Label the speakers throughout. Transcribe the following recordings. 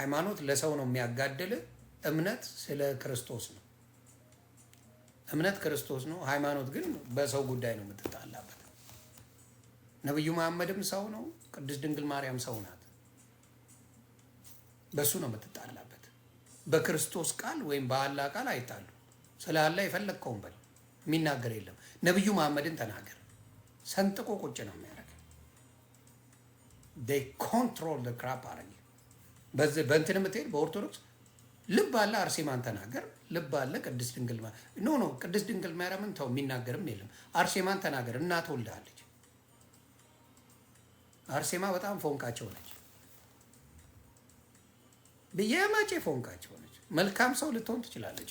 Speaker 1: ሃይማኖት ለሰው ነው የሚያጋድል። እምነት ስለ ክርስቶስ ነው። እምነት ክርስቶስ ነው። ሃይማኖት ግን በሰው ጉዳይ ነው የምትጣላበት። ነቢዩ መሐመድም ሰው ነው። ቅድስት ድንግል ማርያም ሰው ናት። በእሱ ነው የምትጣላበት። በክርስቶስ ቃል ወይም በአላ ቃል አይጣሉ። ስለ አላ የፈለግከውን በል፣ የሚናገር የለም። ነቢዩ መሐመድን ተናገር፣ ሰንጥቆ ቁጭ ነው የሚያደርግ። ኮንትሮል ክራፕ አረግ በእንትን የምትሄድ በኦርቶዶክስ ልብ አለ አርሴማን ተናገር፣ ልብ አለ ቅድስት ድንግል ኖ ኖ ቅድስት ድንግል ማርያምን ተው፣ የሚናገርም የለም አርሴማን ተናገር። እናት ወልዳለች። አርሴማ በጣም ፎንቃቸው ነች፣ የማጬ ፎንቃቸው ነች። መልካም ሰው ልትሆን ትችላለች፣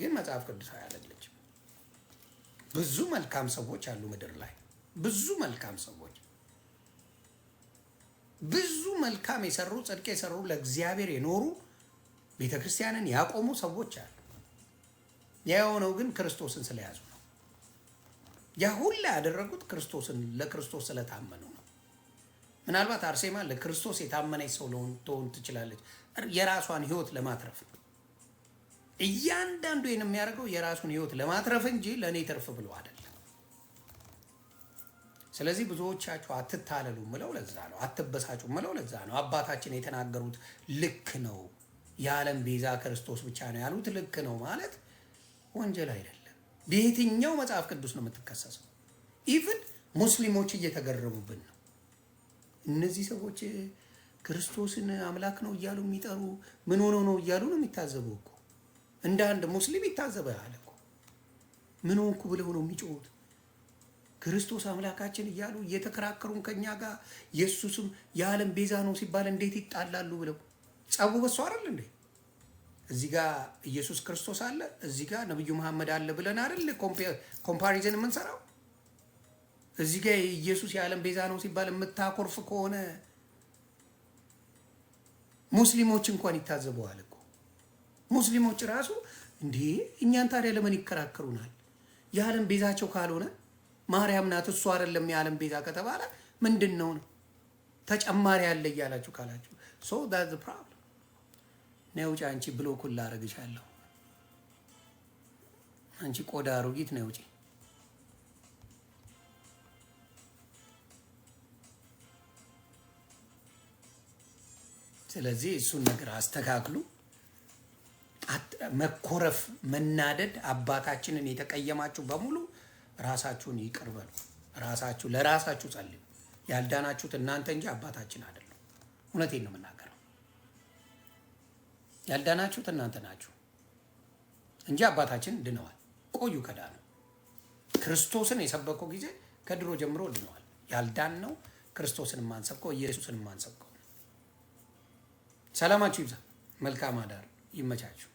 Speaker 1: ግን መጽሐፍ ቅዱስ አያለለችም። ብዙ መልካም ሰዎች አሉ ምድር ላይ ብዙ መልካም ሰዎች ብዙ መልካም የሰሩ ጽድቅ የሰሩ ለእግዚአብሔር የኖሩ ቤተ ክርስቲያንን ያቆሙ ሰዎች አሉ። ያ የሆነው ግን ክርስቶስን ስለያዙ ነው። ያ ሁላ ያደረጉት ክርስቶስን ለክርስቶስ ስለታመኑ ነው። ምናልባት አርሴማ ለክርስቶስ የታመነች ሰው ትሆን ትችላለች። የራሷን ሕይወት ለማትረፍ ነው። እያንዳንዱ ይህን የሚያደርገው የራሱን ሕይወት ለማትረፍ እንጂ ለእኔ ትርፍ ብሎ አይደለም። ስለዚህ ብዙዎቻችሁ አትታለሉ ምለው ለዛ ነው። አትበሳጩ ምለው ለዛ ነው። አባታችን የተናገሩት ልክ ነው። የዓለም ቤዛ ክርስቶስ ብቻ ነው ያሉት ልክ ነው ማለት ወንጀል አይደለም። በየትኛው መጽሐፍ ቅዱስ ነው የምትከሰሰው? ኢቭን ሙስሊሞች እየተገረሙብን ነው። እነዚህ ሰዎች ክርስቶስን አምላክ ነው እያሉ የሚጠሩ ምን ሆነው ነው እያሉ ነው የሚታዘቡ እኮ እንደ አንድ ሙስሊም ይታዘበ አለ ምን ሆንኩ ብለው ነው የሚጮሁት ክርስቶስ አምላካችን እያሉ እየተከራከሩን ከኛ ጋር ኢየሱስም የዓለም ቤዛ ነው ሲባል እንዴት ይጣላሉ ብለው ጸቡ በሱ አይደል እንዴ? እዚህ ጋር ኢየሱስ ክርስቶስ አለ፣ እዚህ ጋር ነብዩ መሐመድ አለ ብለን አይደል ኮምፓሪዘን የምንሰራው? እዚህ ጋር ኢየሱስ የዓለም ቤዛ ነው ሲባል የምታኮርፍ ከሆነ ሙስሊሞች እንኳን ይታዘበዋል እኮ ሙስሊሞች ራሱ እንዲህ እኛን ታዲያ ለምን ይከራከሩናል? የዓለም ቤዛቸው ካልሆነ ማርያም ናት እሱ አይደለም የዓለም ቤዛ ከተባለ ምንድን ነው ነው ተጨማሪ ያለ እያላችሁ ካላችሁ ሶ ዳት ፕሮብለም ነይ ውጪ አንቺ ብሎኩን ላረግሻለሁ አንቺ ቆዳ አሮጊት ነይ ውጪ ስለዚህ እሱን ነገር አስተካክሉ መኮረፍ መናደድ አባታችንን የተቀየማችሁ በሙሉ ራሳችሁን ይቅር በሉ። ራሳችሁ ለራሳችሁ ጸልዩ። ያልዳናችሁት እናንተ እንጂ አባታችን አይደለም። እውነቴን ነው የምናገረው። ያልዳናችሁት እናንተ ናችሁ እንጂ አባታችን ድነዋል። ቆዩ ከዳኑ ክርስቶስን የሰበከው ጊዜ ከድሮ ጀምሮ ድነዋል። ያልዳን ነው ክርስቶስን የማንሰብከው ኢየሱስን የማንሰብከው። ሰላማችሁ ይብዛ። መልካም አዳር። ይመቻችሁ።